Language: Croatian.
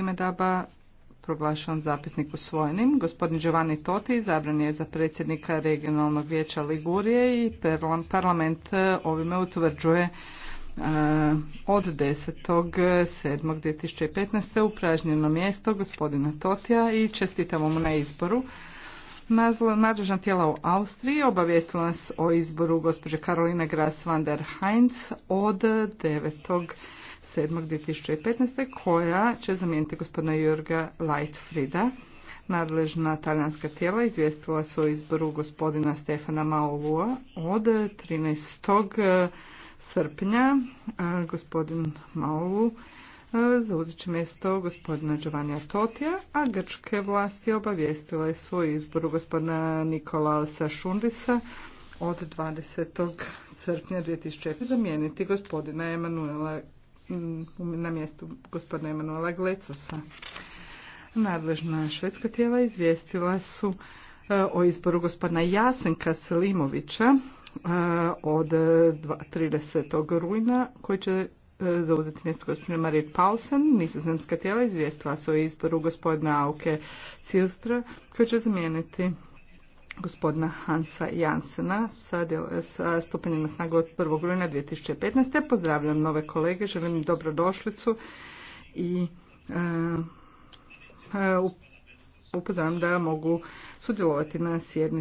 Ime daba proglašavam zapisnik usvojenim. Gospodin Giovanni Toti izabran je za predsjednika regionalnog vijeća Ligurije i parlament e, ovime utvrđuje e, od 10.7.2015. upražnjeno mjesto gospodina Totija i čestitamo mu na izboru. Nadležna tijela u Austriji obavijestila nas o izboru gospođe Karoline Gras van der Heinz od 9.7.2015. koja će zamijeniti gospodina Jurga Leitfrida. Nadležna talijanska tijela izvijestila su o izboru gospodina Stefana Maolua od 13. srpnja. Gospodin Maolu zauzet će mjesto gospodina giovannija Totija, a grčke vlasti obavijestile su o izboru gospodina Nikolaosa Šundisa od 20. srpnja 2004. zamijeniti gospodina Emanuela mm, na mjestu gospodina Emanuela Glecosa. Nadležna švedska tijela izvijestila su e, o izboru gospodina Jasenka Selimovića e, od 30. rujna koji će zauzeti mjesto gospođe Marije Paulsen, nizozemska tijela izvijestila su o izboru gospodina Auke Silstra, koji će zamijeniti gospodina Hansa Jansena sa, sa stupanjem na snagu od 1. rujna 2015. Pozdravljam nove kolege, želim dobrodošlicu i e, eh, e, eh, upozoram da mogu sudjelovati na sjednici.